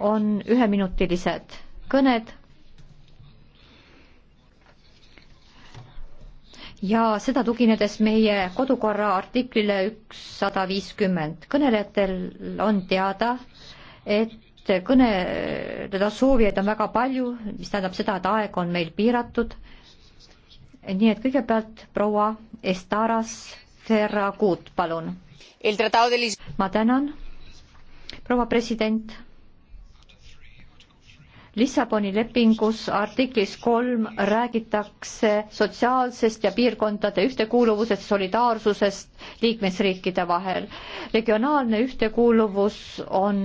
on üheminutilised kõned. ja seda tuginedes meie kodukorra artiklile ükssada viiskümmend. kõnelejatel on teada, et kõneleda soovijaid on väga palju, mis tähendab seda, et aeg on meil piiratud. nii et kõigepealt proua Estaras Ferragut, palun. ma tänan, proua president Lissaboni lepingus artiklis kolm räägitakse sotsiaalsest ja piirkondade ühtekuuluvusest, solidaarsusest liikmesriikide vahel. regionaalne ühtekuuluvus on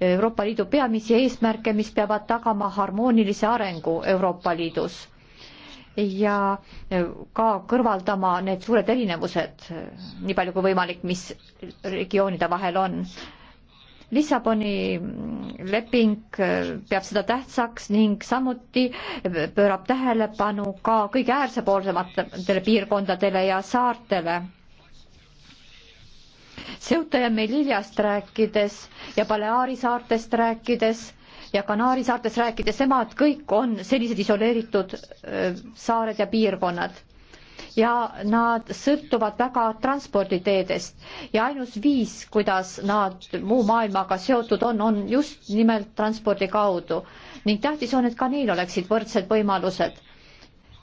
Euroopa Liidu peamisi eesmärke, mis peavad tagama harmoonilise arengu Euroopa Liidus ja ka kõrvaldama need suured erinevused, nii palju kui võimalik, mis regioonide vahel on Lissaboni leping äh, peab seda tähtsaks ning samuti pöörab tähelepanu ka kõige äärsepoolsematele piirkondadele ja saartele. Ceuta ja Melillast rääkides ja Baleari saartest rääkides ja Kanaari saartest rääkides, nemad kõik on sellised isoleeritud äh, saared ja piirkonnad ja nad sõltuvad väga transporditeedest ja ainus viis, kuidas nad muu maailmaga seotud on, on just nimelt transpordi kaudu ning tähtis on, et ka neil oleksid võrdsed võimalused.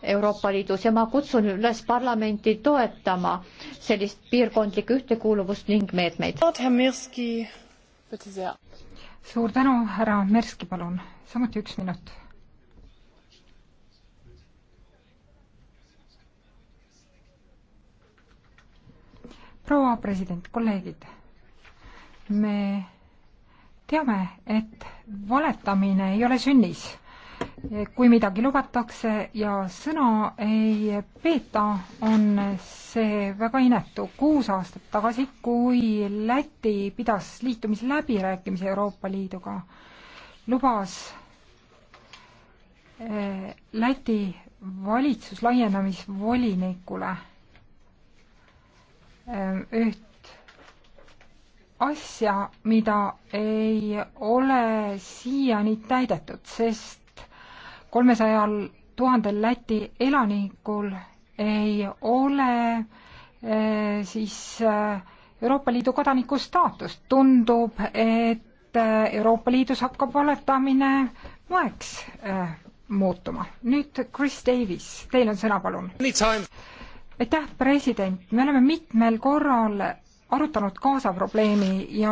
Euroopa Liidus ja ma kutsun üles parlamenti toetama sellist piirkondlikku ühtekuuluvust ning meetmeid. suur tänu, härra Merski, palun, samuti üks minut proua president, kolleegid, me teame, et valetamine ei ole sünnis. kui midagi lubatakse ja sõna ei peeta, on see väga inetu. kuus aastat tagasi, kui Läti pidas liitumisläbirääkimisi Euroopa Liiduga, lubas eh, Läti valitsus laienemisvolinikule Ehm, üht asja, mida ei ole siiani täidetud, sest kolmesajal tuhandel Läti elanikul ei ole eh, siis eh, Euroopa Liidu kodaniku staatust. tundub, et eh, Euroopa Liidus hakkab valetamine moeks muutuma. nüüd Chris Davis, teil on sõna, palun aitäh, president, me oleme mitmel korral arutanud Gaza probleemi ja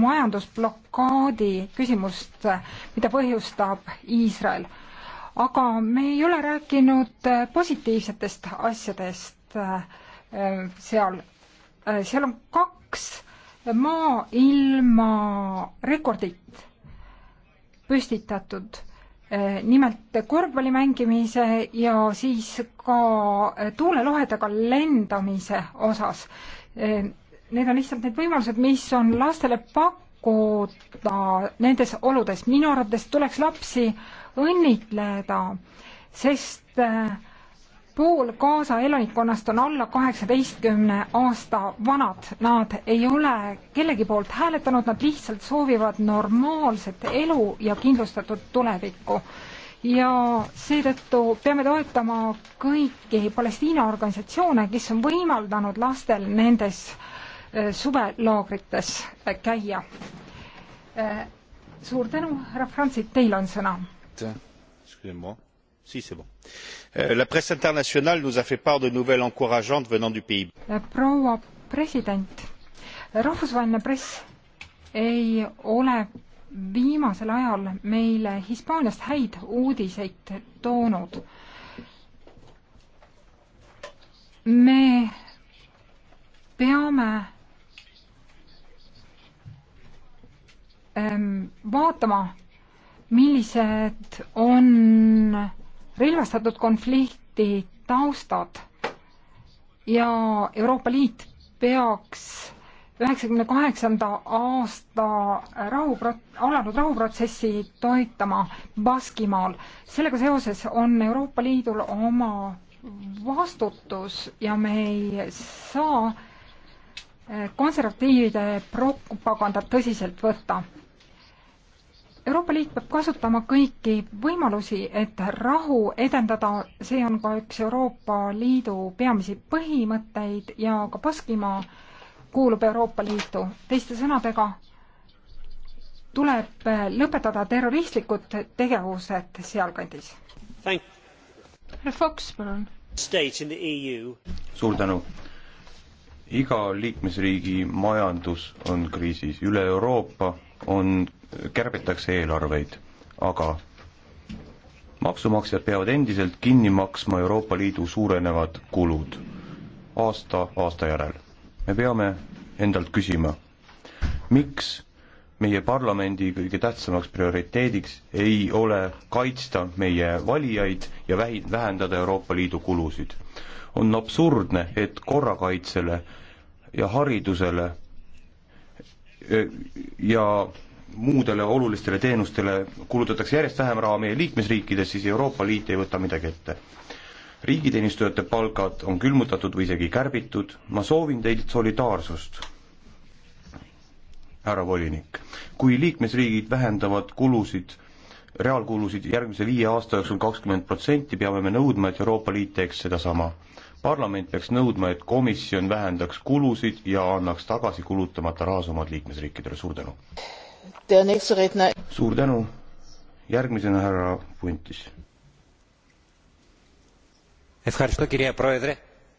majandusblokaadi küsimust, mida põhjustab Iisrael. aga me ei ole rääkinud positiivsetest asjadest äh, seal, äh, seal on kaks maa ilma rekordit püstitatud Eh, nimelt korvpalli mängimise ja siis ka eh, tuulelohedega lendamise osas. Eh, need on lihtsalt need võimalused, mis on lastele pakkuda nendes oludes. minu arvates tuleks lapsi õnnitleda, sest äh, pool Gaza elanikkonnast on alla kaheksateistkümne aasta vanad, nad ei ole kellegi poolt hääletanud, nad lihtsalt soovivad normaalset elu ja kindlustatud tulevikku. ja seetõttu peame toetama kõiki Palestiina organisatsioone, kes on võimaldanud lastel nendes eh, suvelaagrites eh, käia. Eh, suur tänu, härra Franzit, teil on sõna. aitäh, excusez-moi Euh, la presse internationale nous a fait part de nouvelles encourageantes venant du pays. proua president rahvusvaheline press ei ole viimasel ajal meile hispaaniast häid uudiseid toonud me peame ähm, vaatama millised on relvastatud konflikti taustad ja Euroopa Liit peaks üheksakümne kaheksanda aasta rahupro-, alanud rahuprotsessi toetama Baskimaal. sellega seoses on Euroopa Liidul oma vastutus ja me ei saa eh, konservatiivide propagandat tõsiselt võtta. Euroopa Liit peab kasutama kõiki võimalusi, et rahu edendada, see on ka üks Euroopa Liidu peamisi põhimõtteid ja ka Baskimaa kuulub Euroopa Liitu. teiste sõnadega, tuleb lõpetada terroristlikud tegevused sealkandis. härra Fox, palun. E suur tänu. iga liikmesriigi majandus on kriisis, üle Euroopa on kärbitakse eelarveid, aga maksumaksjad peavad endiselt kinni maksma Euroopa Liidu suurenevad kulud aasta aasta järel. me peame endalt küsima, miks meie parlamendi kõige tähtsamaks prioriteediks ei ole kaitsta meie valijaid ja vähi-, vähendada Euroopa Liidu kulusid. on absurdne, et korrakaitsele ja haridusele ja muudele olulistele teenustele kulutatakse järjest vähem raha meie liikmesriikides, siis Euroopa Liit ei võta midagi ette. riigiteenistujate palgad on külmutatud või isegi kärbitud, ma soovin teilt solidaarsust, härra volinik. kui liikmesriigid vähendavad kulusid, reaalkulusid järgmise viie aasta jooksul kakskümmend protsenti, peame me nõudma, et Euroopa Liit teeks sedasama. parlament peaks nõudma, et komisjon vähendaks kulusid ja annaks tagasi kulutamata rahasummad liikmesriikidele, suur tänu! suur tänu, järgmisena härra Puntis.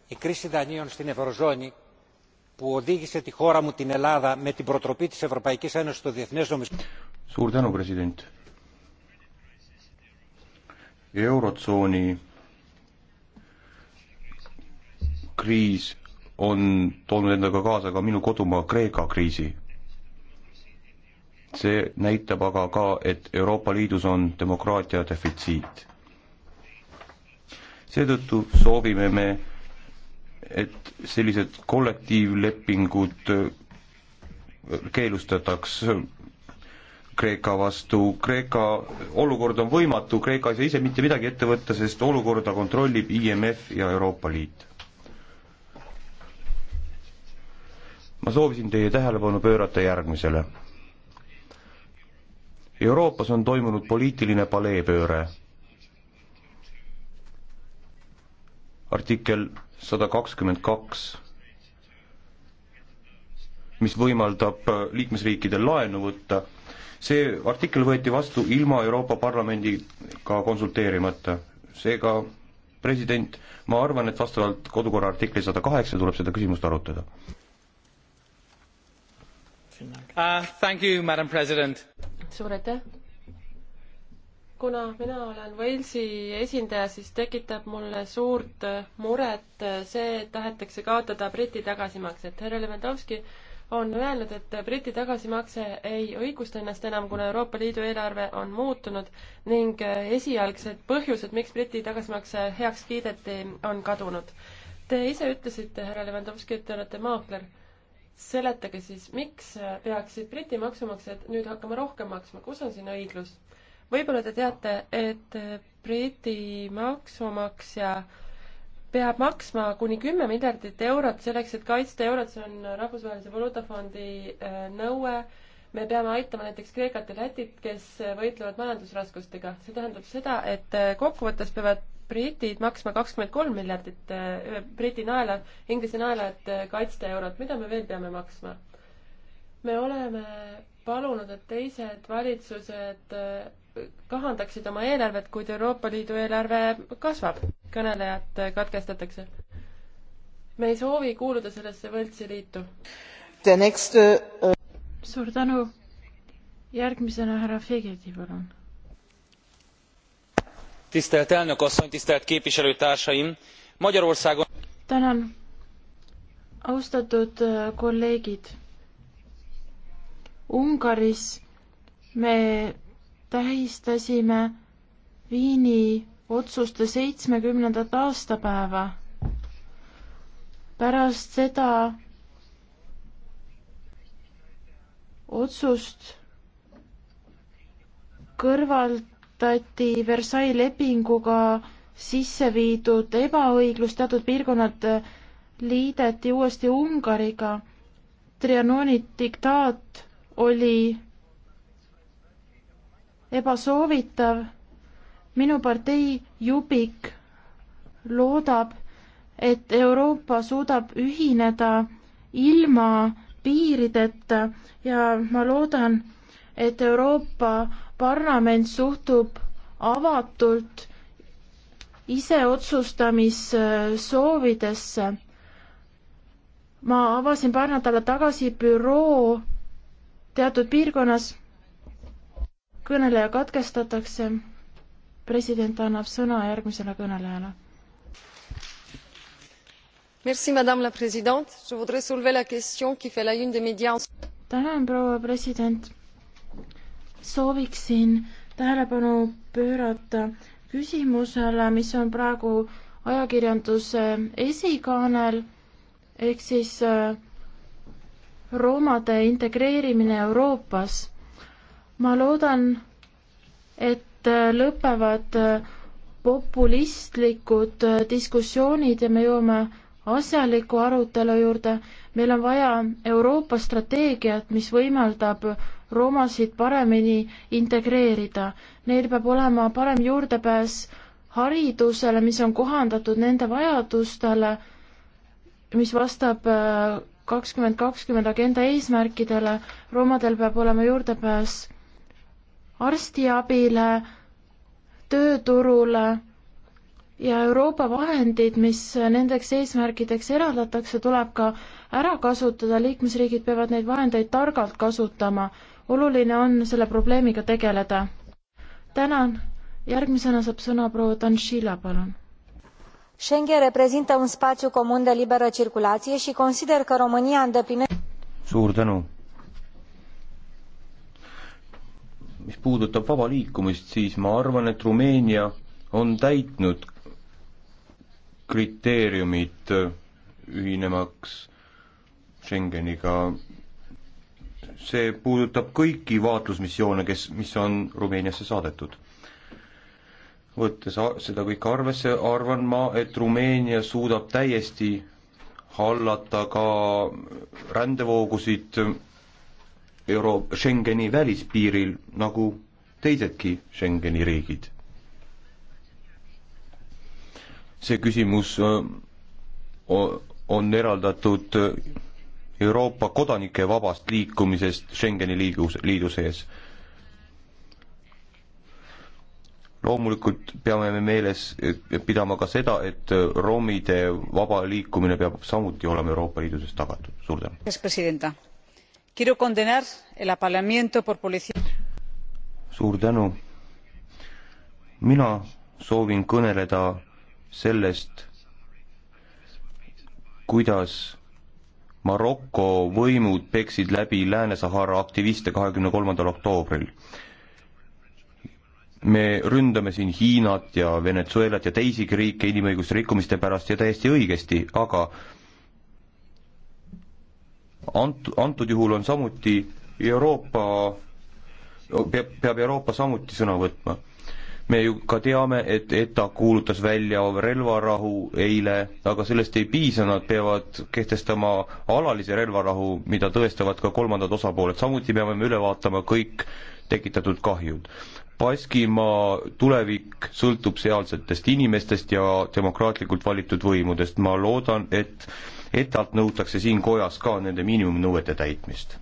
Η κρίση δανείων στην Ευρωζώνη που οδήγησε τη χώρα μου την Ελλάδα με την προτροπή της Ευρωπαϊκής Ένωσης στο Διεθνές Νομισματικό. Suur tänu, president. Eurotsooni kriis on toonud endaga kaasa ka minu kodumaa Kreeka kriisi see näitab aga ka, et Euroopa Liidus on demokraatia defitsiit. seetõttu soovime me, et sellised kollektiivlepingud keelustataks Kreeka vastu, Kreeka olukord on võimatu, Kreeka ei saa ise mitte midagi ette võtta, sest olukorda kontrollib IMF ja Euroopa Liit. ma soovisin teie tähelepanu pöörata järgmisele Euroopas on toimunud poliitiline paleepööre. artikkel sada kakskümmend kaks, mis võimaldab liikmesriikidel laenu võtta, see artikkel võeti vastu ilma Euroopa Parlamendiga konsulteerimata. seega president, ma arvan, et vastavalt kodukorra artikli sada kaheksa tuleb seda küsimust arutada uh,. Thank you, madam president suur aitäh! kuna mina olen Walesi esindaja, siis tekitab mulle suurt muret see, et tahetakse kaotada Briti tagasimakset. härra Levanovski on öelnud, et Briti tagasimakse ei õigusta ennast enam, kuna Euroopa Liidu eelarve on muutunud ning esialgsed põhjused, miks Briti tagasimakse heaks kiideti, on kadunud. Te ise ütlesite, härra Levanovski, et te olete maakler seletage siis, miks peaksid Briti maksumaksjad nüüd hakkama rohkem maksma, kus on siin õiglus? võib-olla te teate, et Briti maksumaksja peab maksma kuni kümme miljardit eurot selleks, et kaitsta eurot, see on Rahvusvahelise Valuutafondi äh, nõue. me peame aitama näiteks Kreekat ja Lätit, kes võitlevad majandusraskustega. see tähendab seda, et äh, kokkuvõttes peavad britid maksma kakskümmend kolm miljardit, äh, briti naela, Inglise naela, et äh, kaitsta eurot, mida me veel peame maksma? me oleme palunud, et teised valitsused äh, kahandaksid oma eelarvet, kuid Euroopa Liidu eelarve kasvab. kõnelejad katkestatakse. me ei soovi kuuluda sellesse võltsiliitu. Uh... suur tänu. järgmisena härra Fegedi, palun tisztelt elnök asszony tisztelt képviselőtársaim magyarországon. tänan austatud kolleegid ungaris me tähistasime viini otsuste seitsmekümnendat aastapäeva pärast seda otsust kõrvalt arvestati Versailles lepinguga sisse viidud ebaõiglus, teatud piirkonnad liideti uuesti Ungariga. Trianoni diktaat oli ebasoovitav. minu partei Jubik loodab, et Euroopa suudab ühineda ilma piirideta ja ma loodan, et Euroopa parlament suhtub avatult iseotsustamisoovidesse. ma avasin paar nädalat tagasi büroo teatud piirkonnas. kõneleja katkestatakse. president annab sõna järgmisele kõnelejale. Merci madame la présidente. Je voudrais soulever la question qui fait la une des médias. Tänan proua president sooviksin tähelepanu pöörata küsimusele, mis on praegu ajakirjanduse esikaanel, ehk siis äh, roomade integreerimine Euroopas. ma loodan, et äh, lõpevad äh, populistlikud diskussioonid ja me jõuame asjaliku arutelu juurde. meil on vaja Euroopa strateegiat, mis võimaldab romasid paremini integreerida. Neil peab olema parem juurdepääs haridusele, mis on kohandatud nende vajadustele, mis vastab äh, kakskümmend kakskümmend agenda eesmärkidele, romadel peab olema juurdepääs arstiabile, tööturule ja Euroopa vahendid, mis nendeks eesmärkideks eraldatakse, tuleb ka ära kasutada, liikmesriigid peavad neid vahendeid targalt kasutama oluline on selle probleemiga tegeleda. tänan, järgmisena saab sõna proua Danšila, palun. Schengen reprezintă un spațiu comun de liberă circulație și consider că România îndeplinește suur tänu. mis puudutab vaba liikumist, siis ma arvan, et Rumeenia on täitnud kriteeriumid ühinemaks Schengeniga see puudutab kõiki vaatlusmissioone, kes, mis on Rumeeniasse saadetud. võttes seda kõike arvesse, arvan ma, et Rumeenia suudab täiesti hallata ka rändevoogusid Euro-, Schengeni välispiiril, nagu teisedki Schengeni riigid. see küsimus äh, on eraldatud Euroopa kodanike vabast liikumisest Schengeni liigus, liidu sees. loomulikult peame me meeles pidama ka seda, et romide vaba liikumine peab samuti olema Euroopa Liidu sees tagatud. suur tänu. suur tänu. mina soovin kõneleda sellest, kuidas Maroko võimud peksid läbi Lääne-Sahara aktiviste kahekümne kolmandal oktoobril. me ründame siin Hiinat ja Venezuelat ja teisigi riike inimõiguste rikkumiste pärast ja täiesti õigesti, aga ant-, antud juhul on samuti Euroopa, peab, peab Euroopa samuti sõna võtma me ju ka teame, et ETA kuulutas välja relvarahu eile, aga sellest ei piisa, nad peavad kehtestama alalise relvarahu, mida tõestavad ka kolmandad osapooled, samuti peame me üle vaatama kõik tekitatud kahjud. Baskimaa tulevik sõltub sealsetest inimestest ja demokraatlikult valitud võimudest, ma loodan, et ETA-lt nõutakse siin kojas ka nende miinimumnõuete täitmist.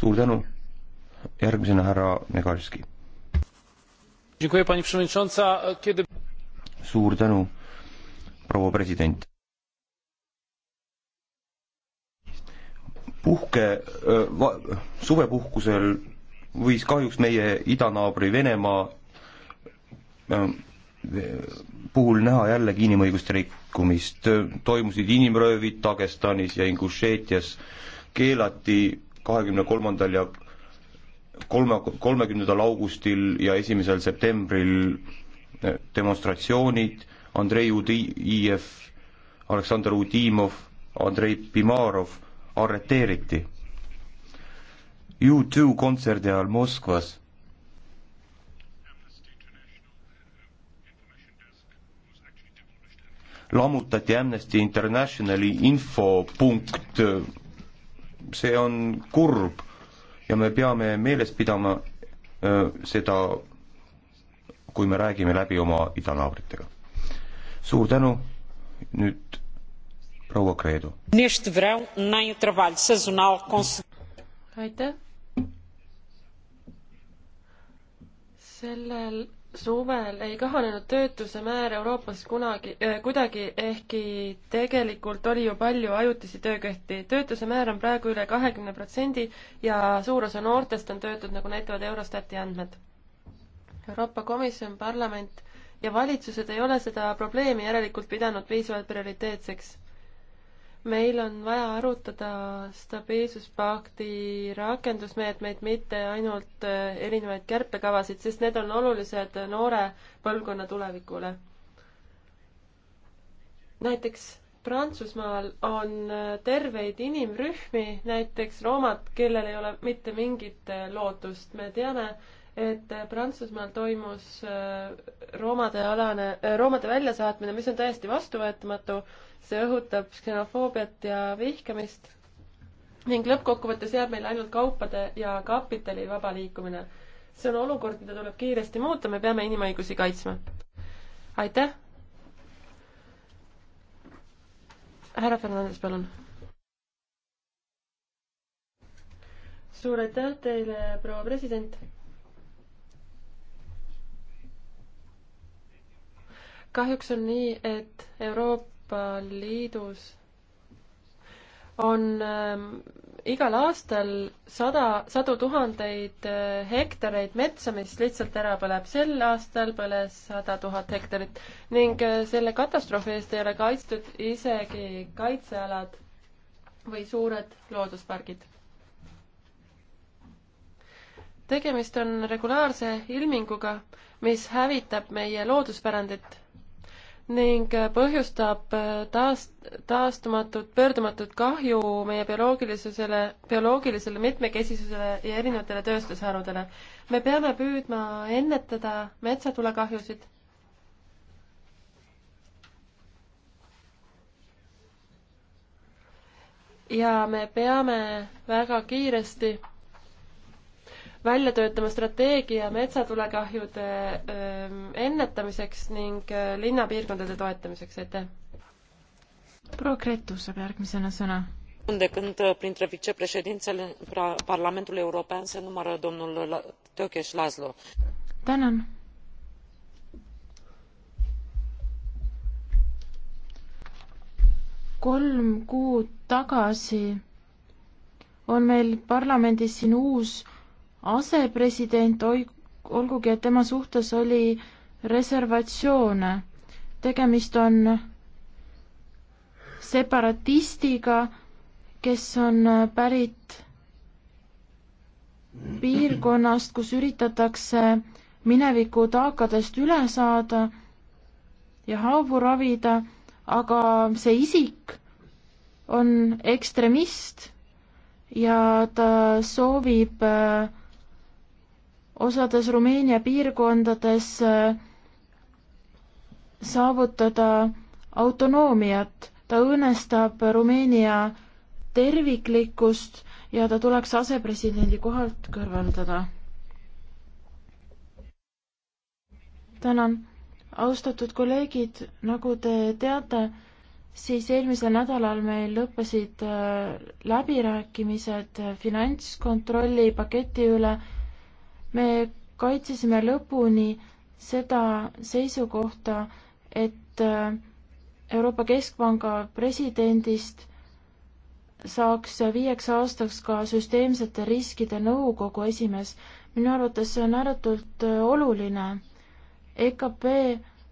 suur tänu! järgmisena härra Negarski. suur tänu, proua president. puhke, suvepuhkusel võis kahjuks meie idanaabri Venemaa puhul näha jällegi inimõiguste rikkumist, toimusid inimröövid Dagestanis ja Ingušeetias, keelati kahekümne kolmandal ja kolme, kolmekümnendal augustil ja esimesel septembril eh, demonstratsioonid, Andrei Udijev, Aleksandr Udimov, Andrei Pimarov arreteeriti. U2 kontserdi ajal Moskvas lammutati Amnesty Internationali infopunkt, see on kurb ja me peame meeles pidama seda, kui me räägime läbi oma idanaabritega. suur tänu, nüüd proua Kreedu. aitäh. sellel suvel ei kahanenud töötuse määr Euroopas kunagi äh,, kuidagi, ehkki tegelikult oli ju palju ajutisi töökohti. töötuse määr on praegu üle kahekümne protsendi ja suur osa noortest on töötud, nagu näitavad Eurostati andmed. Euroopa Komisjon, parlament ja valitsused ei ole seda probleemi järelikult pidanud piisavalt prioriteetseks meil on vaja arutada stabiilsuspakti rakendusmeetmeid, mitte ainult eh, erinevaid kärpekavasid, sest need on olulised noore põlvkonna tulevikule. näiteks Prantsusmaal on eh, terveid inimrühmi, näiteks roomad, kellel ei ole mitte mingit eh, lootust. me teame, et Prantsusmaal toimus äh, roomade alane, äh, roomade väljasaatmine, mis on täiesti vastuvõetamatu, see õhutab ksenofoobiat ja vihkamist ning lõppkokkuvõttes jääb meil ainult kaupade ja kapitali vaba liikumine. see on olukord, mida tuleb kiiresti muuta, me peame inimõigusi kaitsma. aitäh! härra Fernandes, palun suur aitäh teile, proua president! kahjuks on nii, et Euroopa Liidus on ähm, igal aastal sada, sadu tuhandeid äh, hektareid metsa, mis lihtsalt ära põleb. sel aastal põles sada tuhat hektarit ning äh, selle katastroofi eest ei ole kaitstud isegi kaitsealad või suured looduspargid. tegemist on regulaarse ilminguga, mis hävitab meie looduspärandit ning põhjustab äh, taast-, taastumatut, pöördumatut kahju meie bioloogilisusele, bioloogilisele mitmekesisusele ja erinevatele tööstusharudele. me peame püüdma ennetada metsatulekahjusid. ja me peame väga kiiresti välja töötama strateegia metsatulekahjude ähm, ennetamiseks ning äh, linnapiirkondade toetamiseks, aitäh! proua Gretu saab järgmisena sõna. de când äh, printre vicepreședințele Parlamentului European se numără domnul Tökes Laszlo. tänan! kolm kuud tagasi on meil parlamendis siin uus asepresident, olgugi et tema suhtes oli reservatsioone. tegemist on separatistiga, kes on pärit piirkonnast, kus üritatakse mineviku taakadest üle saada ja haavu ravida, aga see isik on ekstremist ja ta soovib äh, osades Rumeenia piirkondades äh, saavutada autonoomiat. ta õõnestab Rumeenia terviklikkust ja ta tuleks asepresidendi kohalt kõrvaldada. tänan. austatud kolleegid, nagu te teate, siis eelmisel nädalal meil lõppesid äh, läbirääkimised finantskontrolli paketi üle me kaitsesime lõpuni seda seisukohta, et äh, Euroopa Keskpanga presidendist saaks viieks aastaks ka süsteemsete riskide nõukogu esimees. minu arvates see on ääretult äh, oluline. EKP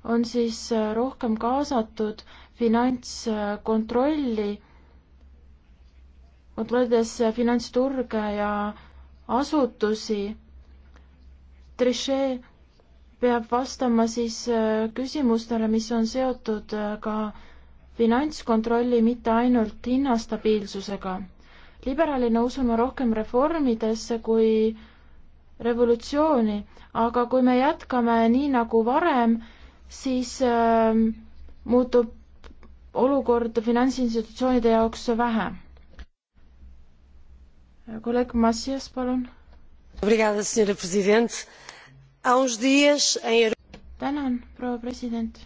on siis äh, rohkem kaasatud finantskontrolli, kontrollides finantsturge ja asutusi Trichet peab vastama siis äh, küsimustele, mis on seotud äh, ka finantskontrolli, mitte ainult hinnastabiilsusega. liberaalina usume rohkem reformidesse kui revolutsiooni, aga kui me jätkame nii nagu varem, siis äh, muutub olukord finantsinstitutsioonide jaoks vähe. kolleeg Massias, palun tänan, proua president.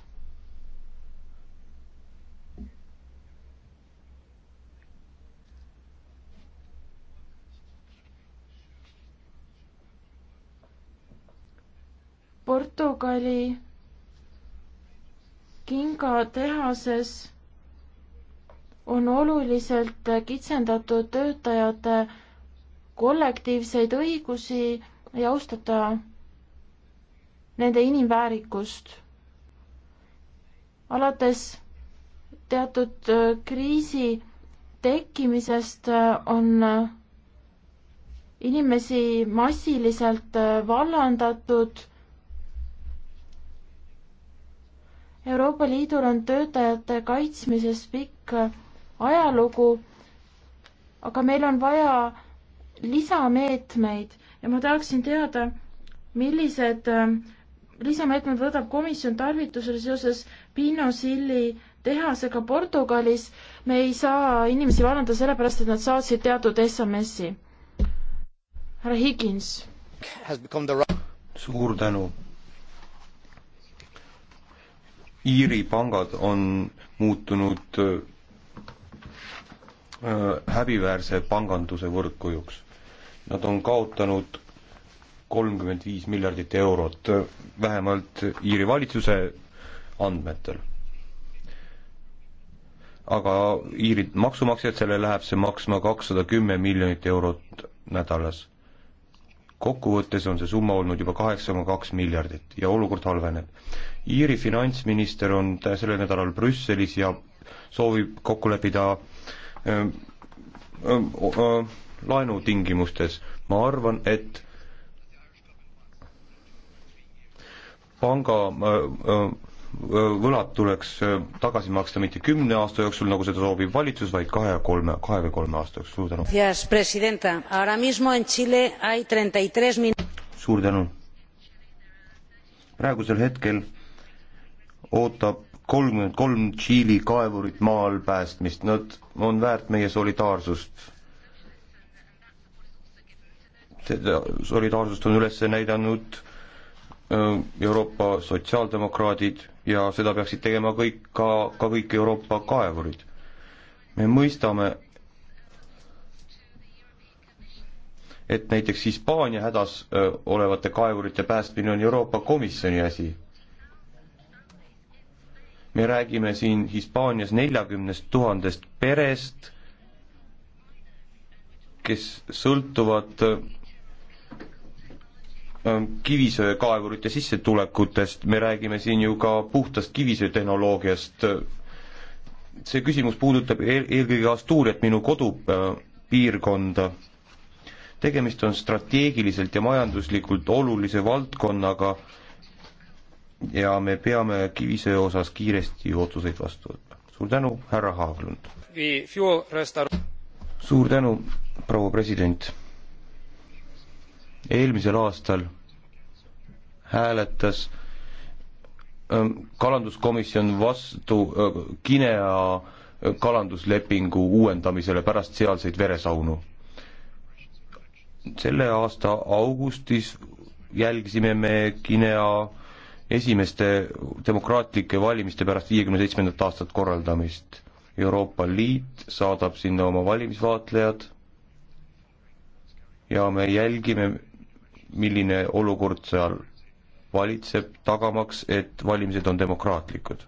Portugali kingatehases on oluliselt kitsendatud töötajate kollektiivseid õigusi ei austata nende inimväärikust. alates teatud äh, kriisi tekkimisest äh, on äh, inimesi massiliselt vallandatud. Euroopa Liidul on töötajate kaitsmises pikk ajalugu, aga meil on vaja lisameetmeid ja ma tahaksin teada, millised lisameetmed võtab komisjon tarvitusele seoses Pinosilli tehasega Portugalis. me ei saa inimesi vallandada sellepärast, et nad saatsid teatud SMS-i. härra Higins. suur tänu. Iiri pangad on muutunud äh, häbiväärse panganduse võrdkujuks. Nad on kaotanud kolmkümmend viis miljardit eurot, vähemalt Iiri valitsuse andmetel. aga Iiri maksumaksjad, sellele läheb see maksma kakssada kümme miljonit eurot nädalas. kokkuvõttes on see summa olnud juba kaheksa koma kaks miljardit ja olukord halveneb. Iiri finantsminister on sellel nädalal Brüsselis ja soovib kokku leppida ähm, ähm, äh, laenutingimustes. ma arvan, et panga äh, äh, äh, võlad tuleks tagasi maksta mitte kümne aasta jooksul, nagu seda soovib valitsus, vaid kahe ja kolme, kahe või kolme aasta jooksul. suur tänu. suur tänu. praegusel hetkel ootab kolmkümmend kolm Tšiili kaevurit maal päästmist, nad on väärt meie solidaarsust. seda solidaarsust on üles näidanud Äh, Euroopa sotsiaaldemokraadid ja seda peaksid tegema kõik, ka, ka kõik Euroopa kaevurid. me mõistame, et näiteks Hispaania hädas äh, olevate kaevurite päästmine on Euroopa Komisjoni asi. me räägime siin Hispaanias neljakümnest tuhandest perest, kes sõltuvad äh, kivisöekaevurite sissetulekutest, me räägime siin ju ka puhtast kivisöötehnoloogiast. see küsimus puudutab eel, eelkõige Asturiat, minu kodupiirkonda. tegemist on strateegiliselt ja majanduslikult olulise valdkonnaga ja me peame kivisöe osas kiiresti otsuseid vastu võtma. suur tänu, härra Haaglund! suur tänu, proua president! eelmisel aastal hääletas ähm, kalanduskomisjon vastu äh, Guinea äh, kalanduslepingu uuendamisele pärast sealseid veresaunu. selle aasta augustis jälgisime me Guinea esimeste demokraatlike valimiste pärast viiekümne seitsmendat aastat korraldamist. Euroopa Liit saadab sinna oma valimisvaatlejad ja me jälgime milline olukord seal valitseb, tagamaks, et valimised on demokraatlikud.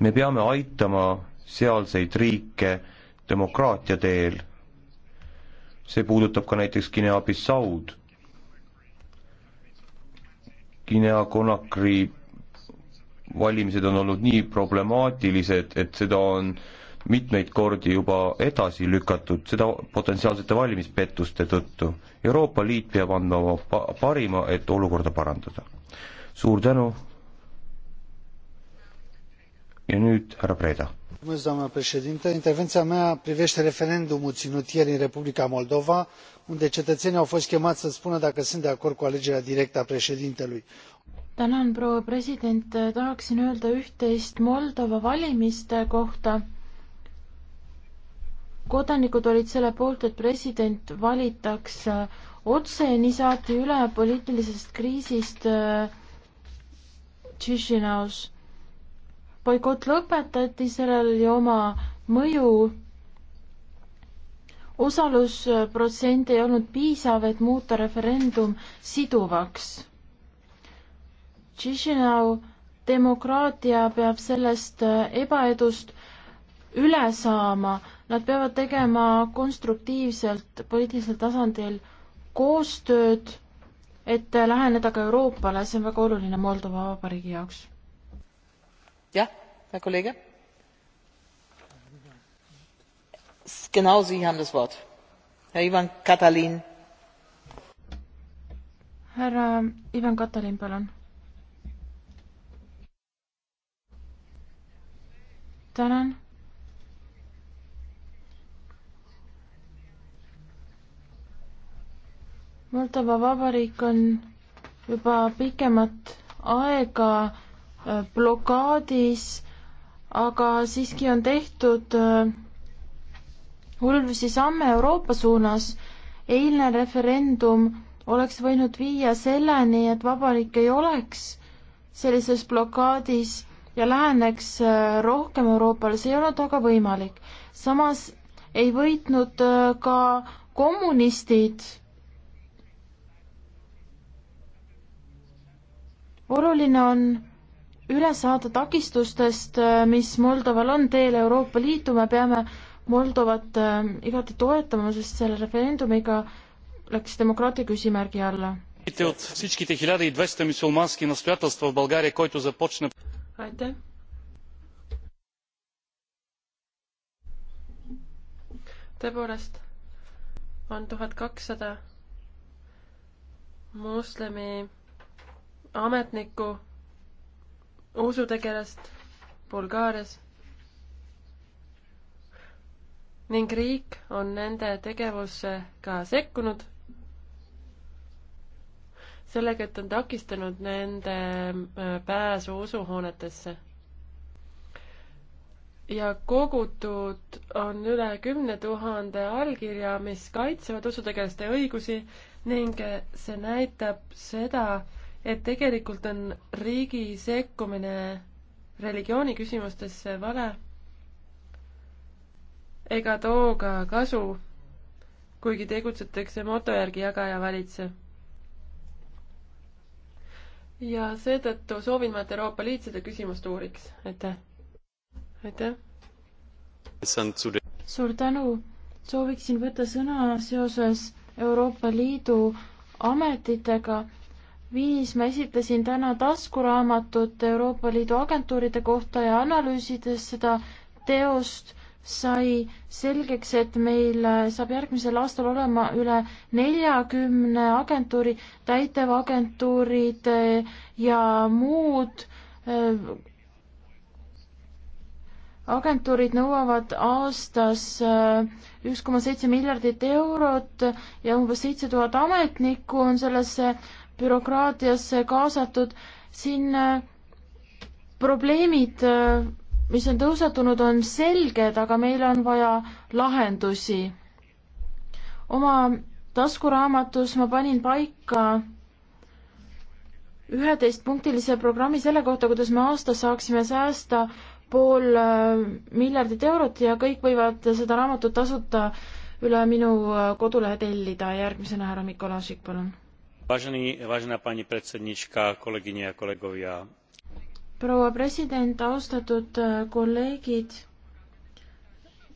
me peame aitama sealseid riike demokraatia teel, see puudutab ka näiteks Guinea-Bissaud, Guinea-Conakry valimised on olnud nii problemaatilised, et seda on äh, mitmeid kordi juba edasi lükatud, seda potentsiaalsete valimispettuste tõttu. Euroopa Liit peab andma oma pa parima, et olukorda parandada. suur tänu. ja nüüd härra Preda. doamnă președintă, intervenția mea privește referendumul ținut ieri în Republica Moldova, unde cetățenii au fost chemați să spună dacă sunt de acord cu alegerea directă a președintelui tänan, proua president, tahaksin öelda üht-teist Moldova valimiste kohta kodanikud olid selle poolt, et president valitaks äh, otse, nii saati üle poliitilisest kriisist äh, Chisinau's. boikott lõpetati, sellel oli oma mõju. osalusprotsent ei olnud piisav, et muuta referendum siduvaks. Chisinau demokraatia peab sellest äh, ebaedust üle saama Nad peavad tegema konstruktiivselt poliitilisel tasandil koostööd, et läheneda ka Euroopale, see on väga oluline Moldova Vabariigi jaoks. jah, hea kolleeg. Genau Sie haben das Wort. Herr Ivan Katalin. härra Ivan Katalin, palun. tänan Moldova Vabariik on juba pikemat aega äh, blokaadis, aga siiski on tehtud äh, hullusi samme Euroopa suunas. eilne referendum oleks võinud viia selleni, et vabariik ei oleks sellises blokaadis ja läheneks äh, rohkem Euroopale, see ei olnud aga võimalik. samas ei võitnud ka kommunistid oluline on üle saada takistustest, äh, mis Moldoval on teel Euroopa Liitu, me peame Moldovat äh, igati toetama, sest selle referendumiga läks demokraatia küsimärgi alla. aitäh. tõepoolest on tuhat kakssada moslemi ametnikku, usutegelast Bulgaarias ning riik on nende tegevusse ka sekkunud sellega, et on takistanud nende äh, pääsu usuhoonetesse. ja kogutud on üle kümne tuhande allkirja, mis kaitsevad usutegelaste õigusi ning see näitab seda, et tegelikult on riigi sekkumine religiooni küsimustesse vale ega too ka kasu, kuigi tegutsetakse moto järgi jagaja valitse. ja seetõttu soovin ma, et Euroopa Liit seda küsimust uuriks. aitäh! aitäh! suur tänu! sooviksin võtta sõna seoses Euroopa Liidu ametitega viis ma esitasin täna taskuraamatut Euroopa Liidu agentuuride kohta ja analüüsides seda teost sai selgeks, et meil saab järgmisel aastal olema üle neljakümne agentuuri, täitevagentuurid eh, ja muud eh, agentuurid nõuavad aastas eh, üks koma seitse miljardit eurot ja umbes seitse tuhat ametnikku on sellesse bürokraatiasse kaasatud, siin äh, probleemid, äh, mis on tõusetunud, on selged, aga meil on vaja lahendusi. oma taskuraamatus ma panin paika üheteistpunktilise programmi selle kohta, kuidas me aastas saaksime säästa pool äh, miljardit eurot ja kõik võivad seda raamatut tasuta üle minu kodulehe tellida. järgmisena härra Mikolašik, palun proua president, austatud kolleegid.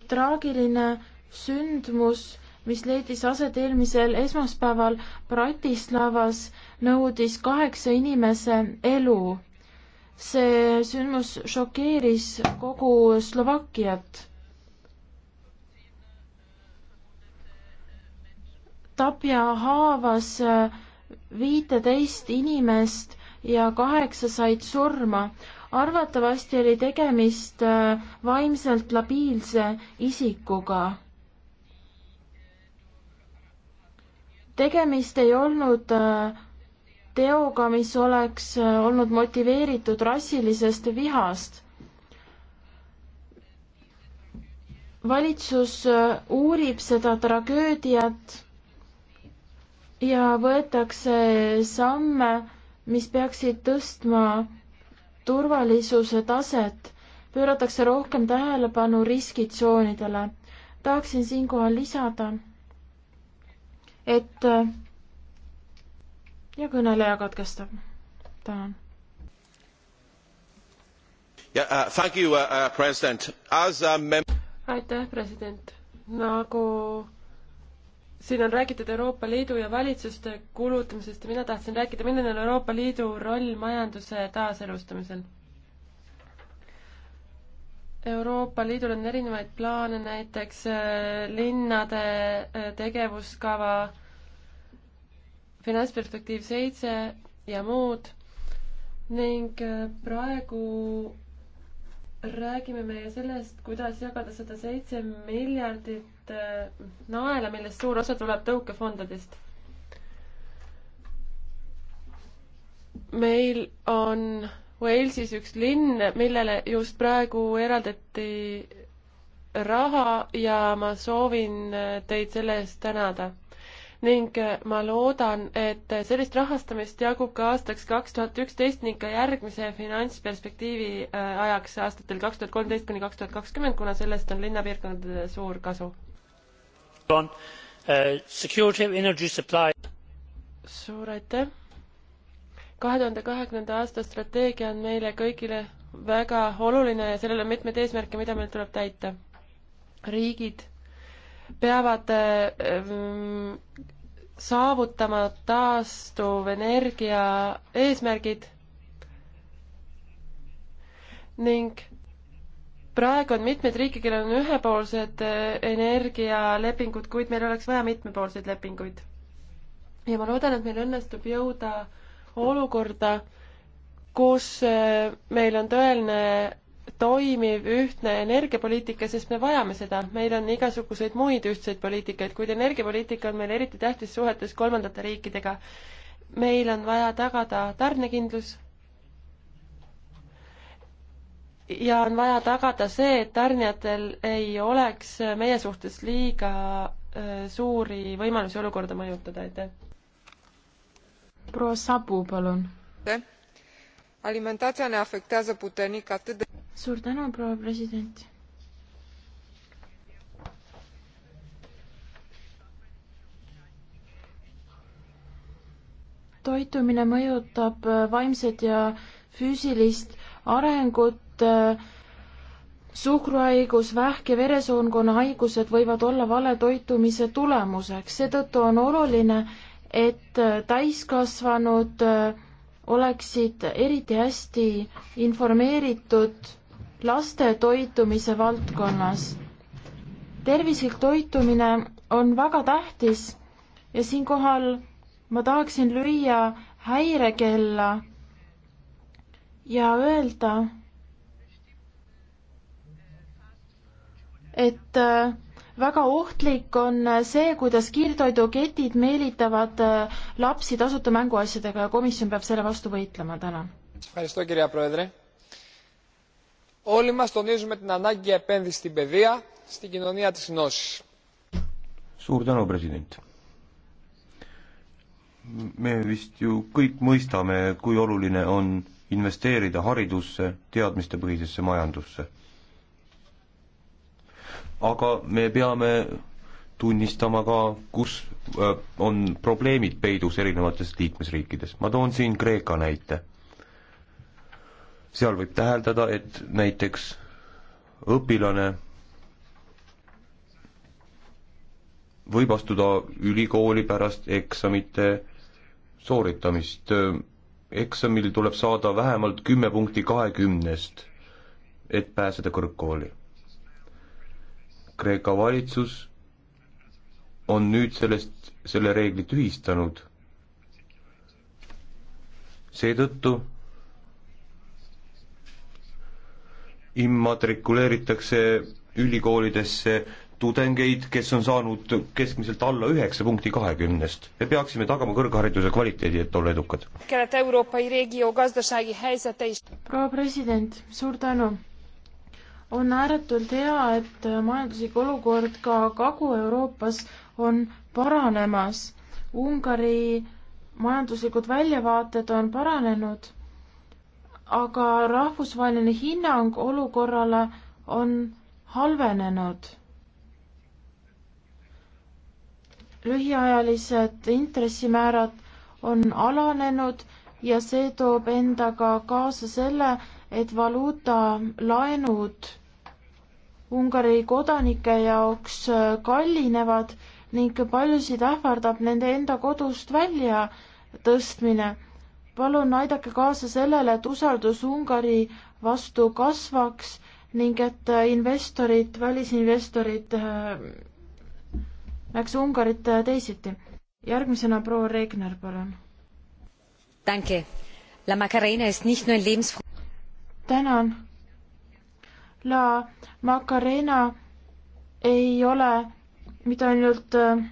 traagiline sündmus, mis leidis aset eelmisel esmaspäeval Bratislavas, nõudis kaheksa inimese elu. see sündmus šokeeris kogu Slovakkiat tapja haavas eh, viiteist inimest ja kaheksa said surma. arvatavasti oli tegemist äh, vaimselt labiilse isikuga. tegemist ei olnud äh, teoga, mis oleks äh, olnud motiveeritud rassilisest vihast. valitsus uurib seda tragöödiat ja võetakse samme, mis peaksid tõstma turvalisuse taset, pööratakse rohkem tähelepanu riskitsoonidele. tahaksin siinkohal lisada, et ja kõneleja katkestab. tänan. Uh, uh, uh, aitäh, president. nagu siin on räägitud Euroopa Liidu ja valitsuste kulutamisest ja mina tahtsin rääkida, milline on Euroopa Liidu roll majanduse taaselustamisel. Euroopa Liidul on erinevaid plaane, näiteks äh, linnade äh, tegevuskava, finantsperspektiiv seitse ja muud ning äh, praegu räägime me sellest, kuidas jagada sada seitse miljardit äh, naela, millest suur osa tuleb tõukefondadest. meil on Walesis üks linn, millele just praegu eraldati raha ja ma soovin äh, teid selle eest tänada ning äh, ma loodan, et sellist rahastamist jagub ka aastaks kaks tuhat üksteist ning ka järgmise finantsperspektiivi äh, ajaks aastatel kaks tuhat kolmteist kuni kaks tuhat kakskümmend, kuna sellest on linnapiirkondadele suur kasu. Äh, suur aitäh! kahe tuhande kahekümnenda aasta strateegia on meile kõigile väga oluline ja sellel on mitmeid eesmärke, mida meil tuleb täita. riigid peavad ehm, saavutama taastuvenergia eesmärgid ning praegu on mitmeid riike, kellel on ühepoolsed eh, energialepingud, kuid meil oleks vaja mitmepoolseid lepinguid. ja ma loodan, et meil õnnestub jõuda olukorda, kus eh, meil on tõeline toimiv ühtne energiapoliitika, sest me vajame seda. meil on igasuguseid muid ühtseid poliitikaid, kuid energiapoliitika on meil eriti tähtis suhetes kolmandate riikidega. meil on vaja tagada tarnekindlus ja on vaja tagada see, et tarnijatel ei oleks meie suhtes liiga äh, suuri võimalusi olukorda mõjutada, aitäh. proua Sabu, palun. alimentația ne afectează puternic atât de suur tänu, proua president. toitumine mõjutab äh, vaimset ja füüsilist arengut. Äh, suhkruhaigus, vähk ja veresoonkonna haigused võivad olla vale toitumise tulemuseks, seetõttu on oluline, et äh, täiskasvanud oleksid eriti hästi informeeritud laste toitumise valdkonnas. tervislik toitumine on väga tähtis ja siinkohal ma tahaksin lüüa häirekella ja öelda, et äh, väga ohtlik on äh, see, kuidas kiirtoiduketid meelitavad äh, lapsi tasuta mänguasjadega ja komisjon peab selle vastu võitlema, tänan. Όλοι μας τονίζουμε την ανάγκη για επένδυση στην παιδεία, στην κοινωνία της γνώσης. Suur tänu, president. me vist ju kõik mõistame, kui oluline on investeerida haridusse, teadmistepõhisesse majandusse. aga me peame tunnistama ka, kus äh, on probleemid peidus erinevates liikmesriikides. ma toon siin Kreeka näite seal võib täheldada, et näiteks õpilane võib astuda ülikooli pärast eksamite sooritamist. eksamil tuleb saada vähemalt kümme punkti kahekümnest, et pääseda kõrgkooli. Kreeka valitsus on nüüd sellest, selle reegli tühistanud. seetõttu immatrikuleeritakse ülikoolidesse tudengeid, kes on saanud keskmiselt alla üheksa punkti kahekümnest. me peaksime tagama kõrghariduse kvaliteedi, et olla edukad. proua president, suur tänu! on ääretult hea, et majanduslik olukord ka Kagu-Euroopas on paranemas. Ungari majanduslikud väljavaated on paranenud aga rahvusvaheline hinnang olukorrale on halvenenud. lühiajalised intressimäärad on alanenud ja see toob endaga kaasa selle, et valuutalaenud Ungari kodanike jaoks kallinevad ning paljusid ähvardab nende enda kodust välja tõstmine palun aidake kaasa sellele, et usaldus Ungari vastu kasvaks ning et investorid, välisinvestorid äh, näeks Ungarit äh, teisiti. järgmisena proua Regner, palun. tänan. La Macarena ei ole mitte ainult äh,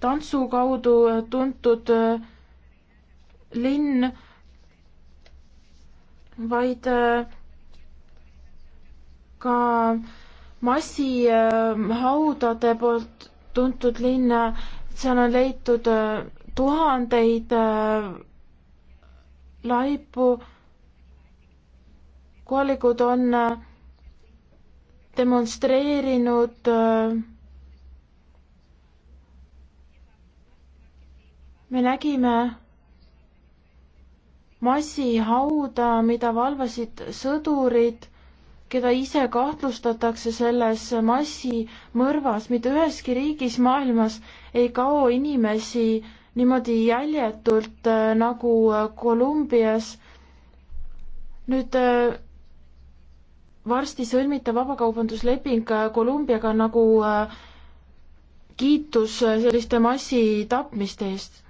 tantsu kaudu tuntud äh, linn, vaid äh, ka massihaudade poolt tuntud linn, seal on leitud äh, tuhandeid äh, laipu, kohalikud on demonstreerinud me nägime massihauda, mida valvasid sõdurid, keda ise kahtlustatakse selles massimõrvas. mitte üheski riigis maailmas ei kao inimesi niimoodi jäljetult äh, nagu äh, Kolumbias. nüüd äh, varsti sõlmitav vabakaubandusleping Kolumbiaga nagu kiitus selliste massitapmiste eest.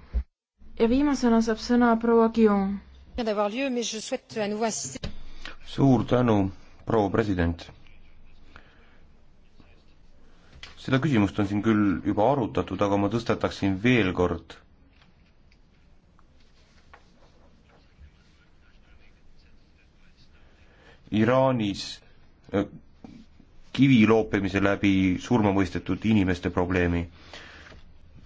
ja viimasena saab sõna proua Guillaume suur tänu, proua president. seda küsimust on siin küll juba arutatud, aga ma tõstataksin veel kord Iraanis äh, kivi loopimise läbi surmamõistetud inimeste probleemi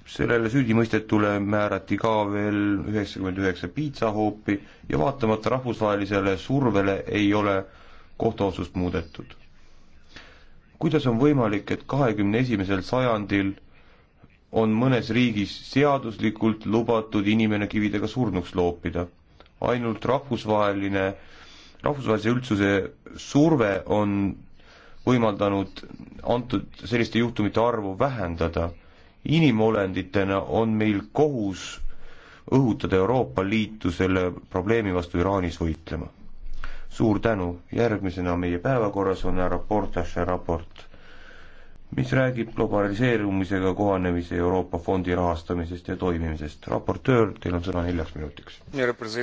sellele süüdimõistetule määrati ka veel üheksakümmend üheksa piitsahoopi ja vaatamata rahvusvahelisele survele ei ole kohtuotsust muudetud. kuidas on võimalik, et kahekümne esimesel sajandil on mõnes riigis seaduslikult lubatud inimene kividega surnuks loopida? ainult rahvusvaheline, rahvusvahelise üldsuse surve on võimaldanud antud selliste juhtumite arvu vähendada inimolenditena on meil kohus õhutada Euroopa Liitu selle probleemi vastu Iraanis võitlema. suur tänu, järgmisena meie päevakorras on raportaše raport, mis räägib globaliseerumisega kohanemise Euroopa Fondi rahastamisest ja toimimisest. raportöör, teil on sõna neljaks minutiks.